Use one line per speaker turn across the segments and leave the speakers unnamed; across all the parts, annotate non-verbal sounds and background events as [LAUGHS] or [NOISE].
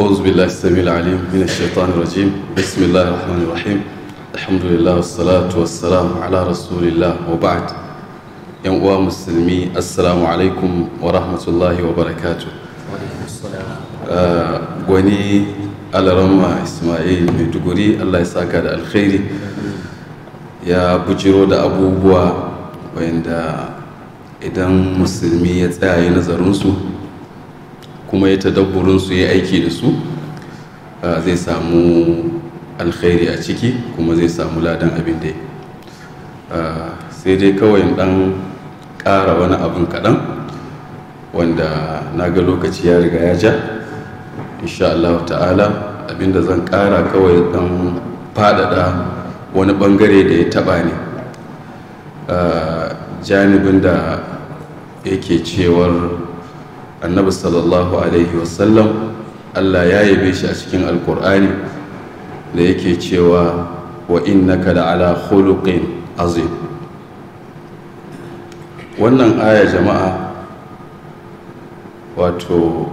أعوذ بالله السميع العليم من الشيطان الرجيم بسم الله الرحمن الرحيم الحمد لله والصلاة والسلام على رسول الله وبعد yan uwa musulmi assalamu alaikum wa rahmatullahi wa barakatu ah, gwani alarama ismail maiduguri allah ya saka da alkhairi ya bujiro da abubuwa wanda idan musulmi ya tsaya nazarinsu kuma ya tadabburinsu su ya aiki da su ah, zai samu alkhairi a ciki kuma zai samu ladan abin da ah, sai dai kawai dan ƙara wani abin kaɗan wanda na ga lokaci ya riga ya ja insha Allah ta'ala abinda zan ƙara kawai dan faɗaɗa wani ɓangare da ya taɓa ne ah, janibin da yake cewar annabi sallallahu alaihi wasallam allah ya yabe shi a cikin alkur'ani da yake cewa wa innaka da ala khuluqin azim wannan aya jama'a wato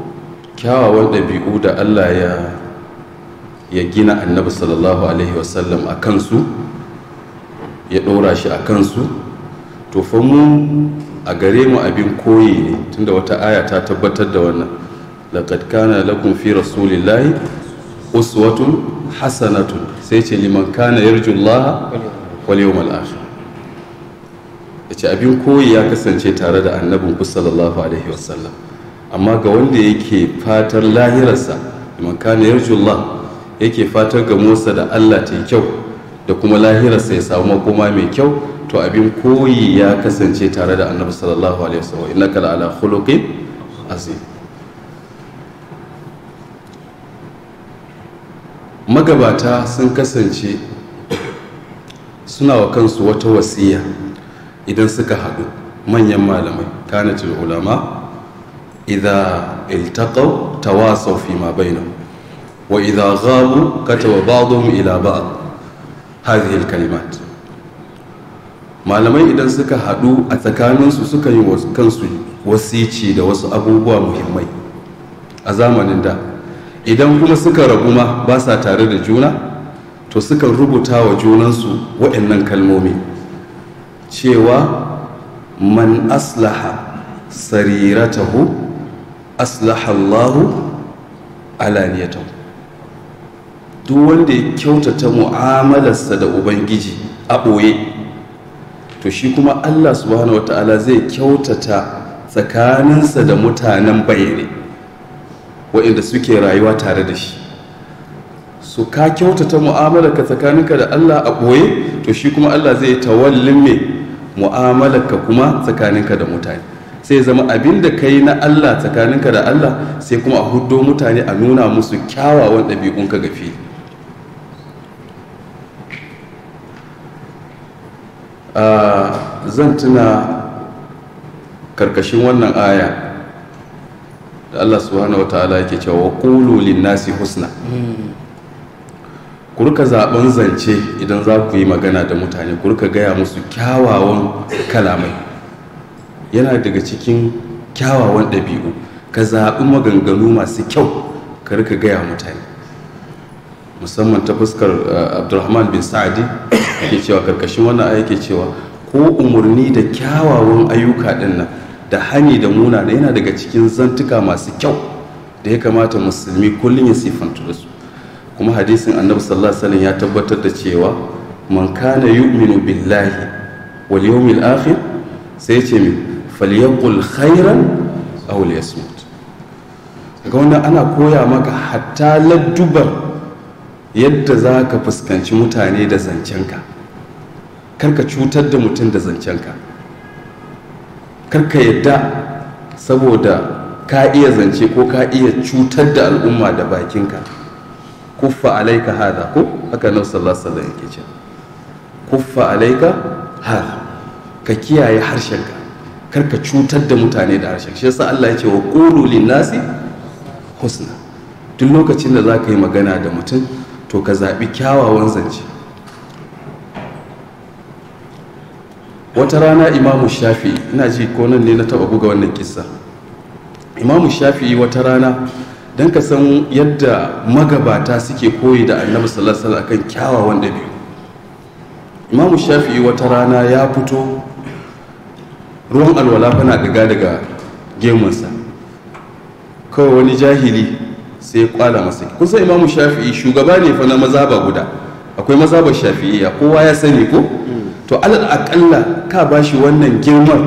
kyawawan ɗabi'u da allah ya ya gina annabi sallallahu alaihi wasallam a kansu ya ɗora shi a kansu to fa mu a gare mu abin koyi ne tunda wata aya ta tabbatar da wannan laqad kana lakum fi rasulillahi uswatun hasanatun sai ce liman kana yarjullaha wal yawmal akhir yace abin koyi ya kasance tare da annabin ku sallallahu alaihi wasallam amma ga wanda yake fatar lahirarsa liman kana yarjullah yake fatar ga Musa da Allah ta yi kyau da kuma lahirarsa ya samu makoma mai kyau to abin koyi ya kasance tare da annabi sallallahu alaihi wasallam innaka la ala khuluqin azim magabata sun kasance suna wa kansu wata wasiya idan suka haɗu manyan malamai kanatul ulama idza iltaqaw tawasaw fi ma bainahum wa idza ghabu kataba ba'dhum ila ba'd hazihil kalimat malamai idan suka hadu a tsakaninsu suka yi kansu wasici da wasu abubuwa muhimmai a zamanin da idan kuma suka rabu ma ba sa tare da juna to suka rubuta wa junan su waɗannan kalmomi cewa man aslaha sariratahu aslaha Allahu alaniyatahu duk wanda ya kyautata mu'amalarsa da ubangiji a ɓoye to shi kuma allah subhanahu wata'ala zai kyautata tsakaninsa da mutanen bayyane waɗanda suke rayuwa tare da shi su ka kyautata mu'amalarka tsakaninka da allah a ɓoye to shi kuma allah zai tawallin mai mu'amalarka kuma tsakaninka da mutane sai zama abin da ka yi na Allah tsakaninka da Allah sai kuma a huddo mutane a nuna musu kyawawan ɗabi'unka ga fili zan tuna karkashin wannan aya da Allah subhanahu wa ta'ala yake cewa wa qulu nasi husna ku rika zaben zance idan za ku yi magana da mutane ku rika gaya musu kyawawan kalamai yana daga cikin kyawawan ɗabi'u ka zaɓi maganganu masu kyau ka rika gaya mutane musamman ta fuskar eh, abdulrahman bin sa'adi ke cewa karkashin wannan aya ke cewa ko umarni da kyawawan ayyuka din da hani da muna na yana daga cikin zantuka masu kyau da ya kamata musulmi kullum ya sifantu da su kuma hadisin annabi sallallahu alaihi wasallam ya tabbatar da cewa man kana yu'minu billahi wal yawmil akhir sai ce mi falyaqul khairan aw liyasmut daga wannan ana koya maka hatta laddubar yadda za ka fuskanci mutane da zancenka karka cutar da mutum da zancenka karka yadda saboda ka iya zance ko ka iya cutar da al'umma da bakinka kuffa alaika hada ko haka nan sallallahu alaihi yake ce kuffa alaika hada ka kiyaye harshenka karka cutar da mutane da harshen shi yasa Allah ya ce wa qulu lin nasi husna duk lokacin da za ka yi magana da mutum to ka zaɓi kyawawan zance wata rana imamu shafi ina ji ko ne na taɓa buga wannan kisa imamu shafi wata rana don ka san yadda magabata suke koyi da annabi sallallahu a kan kyawawan ɗabi'u imamu shafi wata rana ya fito ruwan alwala fana daga daga gemunsa kawai wani jahili sai ya kwala masa kusa imamu shafi'i shugaba ne fa na mazaba guda akwai mazhabar shafi'iyya kowa ya sani ko to alal akalla ka bashi wannan girman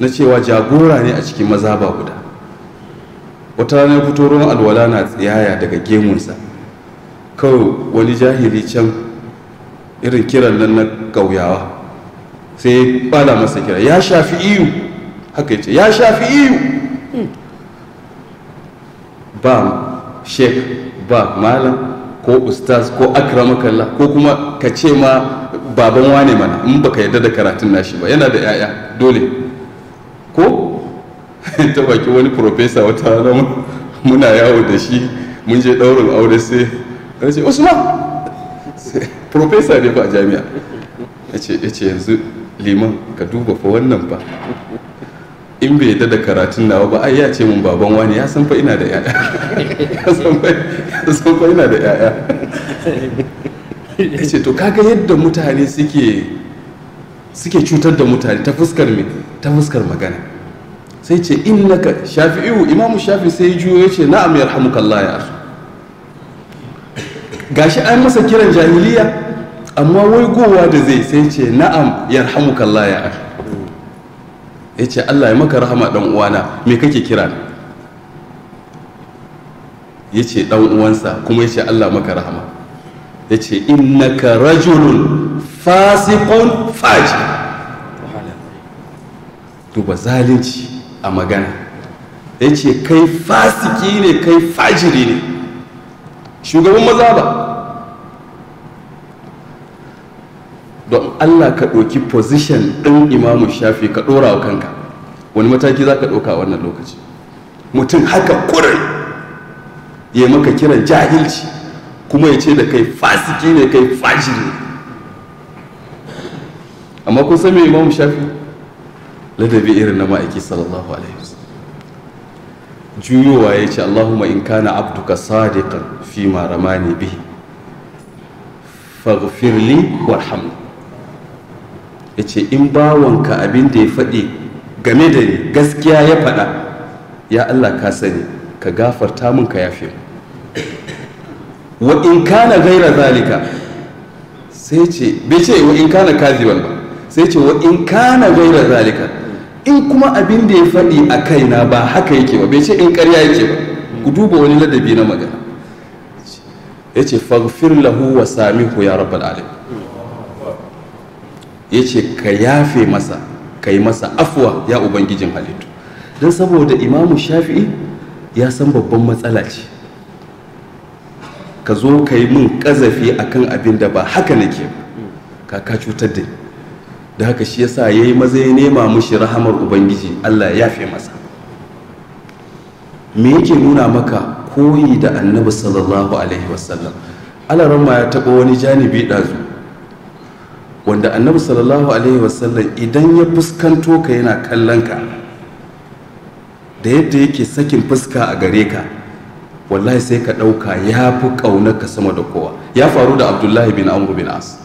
na cewa jagora ne a cikin mazaba guda wata rana fito ruwan alwala na tsiyaya daga gemunsa kawai wani jahili can irin kiran nan na gauyawa sai ya masa kira ya shafi iyu haka ya ce ya shafi iyu hmm. ba sheik ba malam ko ustaz ko akramakalla ko kuma ka ce ma baban wane mana in baka yarda da karatun nashi ba yana da yaya dole ko [LAUGHS] ta baki wani profesa wata rana muna yawo da shi mun je ɗaurin aure sai ya ce usman profesa ne ba a jami'a ya ce yanzu liman ka duba fa wannan ba in bai yadda da karatun nawa ba ai ya ce mun baban wani ya san fa ina da yaya [LAUGHS] ya san fa ina da yaya ya ce to kaga yadda mutane suke suke cutar da mutane ta fuskar me ta fuskar magana sai ce innaka shafi'u imamu shafi sai ya juyo ya ce na'am yarhamukallah ya arzu gashi an masa kiran jahiliya amma wai gowa da zai sai ce na'am yarhamukallah ya arzu ya ce allah ya maka rahama dan uwana me kake kira ne ya ce dan uwansa kuma ya ce allah maka rahama ya ce innaka rajulun fasikon faji duba zalunci a magana ya ce kai fasiki ne kai fajiri ne shugaban maza ba Allah ka ɗauki position ɗin imamu shafi ka ɗora wa kanka wani mataki za ka ɗauka a wannan lokaci mutum haka kurin ya maka kiran jahilci kuma ya ce da kai fasiki ne kai fajiri amma kun san me imamu shafi ladabi irin na ma'aiki sallallahu alaihi juyowa ya ce Allahumma in kana abduka sadiqan fi ma ramani bihi faghfirli warhamni ya ce in bawonka abin da ya faɗi game da ni gaskiya ya faɗa ya Allah ka sani ka gafarta mun ka yafe wa in kana gaira zalika sai ce bai ce wa in kana kaziban ba sai ce wa in kana gaira zalika in kuma abin da ya faɗi a kaina ba haka yake ba bai ce in ƙarya yake ba ku duba wani ladabi na magana ya ce faghfir lahu wa samihu ya rabbal alamin ya ce ka yafe masa ka yi masa afuwa ya ubangijin halittu don saboda imamu shafi'i ya san babban matsala ce ka zo ka yi min kazafi akan abin da ba haka nake ba ka cutar da da haka shi yasa ya yi maza ya nema mushi rahamar ubangiji allah ya fi masa me yake nuna maka koyi da annabi sallallahu alaihi wasallam alaramma ya taɓa wani janibi ɗazu wanda annabi sallallahu alaihi wasallam idan ya fuskanto ka yana kallon ka da yadda yake sakin fuska a gare ka wallahi sai ka ɗauka ya fi ka sama da kowa ya faru da abdullahi bin amr bin as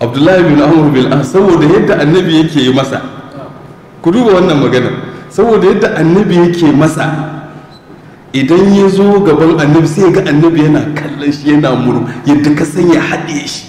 abdullahi bin amr bin as saboda yadda annabi yake yi masa ku duba wannan maganar saboda yadda annabi yake masa idan ya zo gaban annabi sai ga annabi yana kallon shi yana muru yadda ka san ya haɗe shi